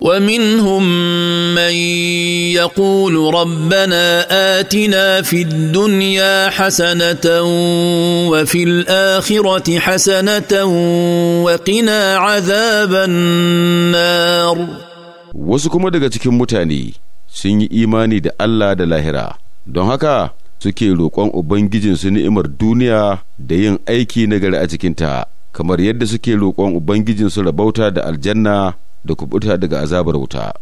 ومنهم من يقول ربنا اتنا في الدنيا حسنه وفي الاخره حسنه وقنا عذاب النار wasu kuma daga cikin mutane sun yi imani da Allah da lahira don haka suke roƙon ubangijinsu ni'imar duniya da yin aiki nagari a cikinta kamar yadda suke roƙon ubangijinsu rabauta da aljanna da kubuta daga azabar wuta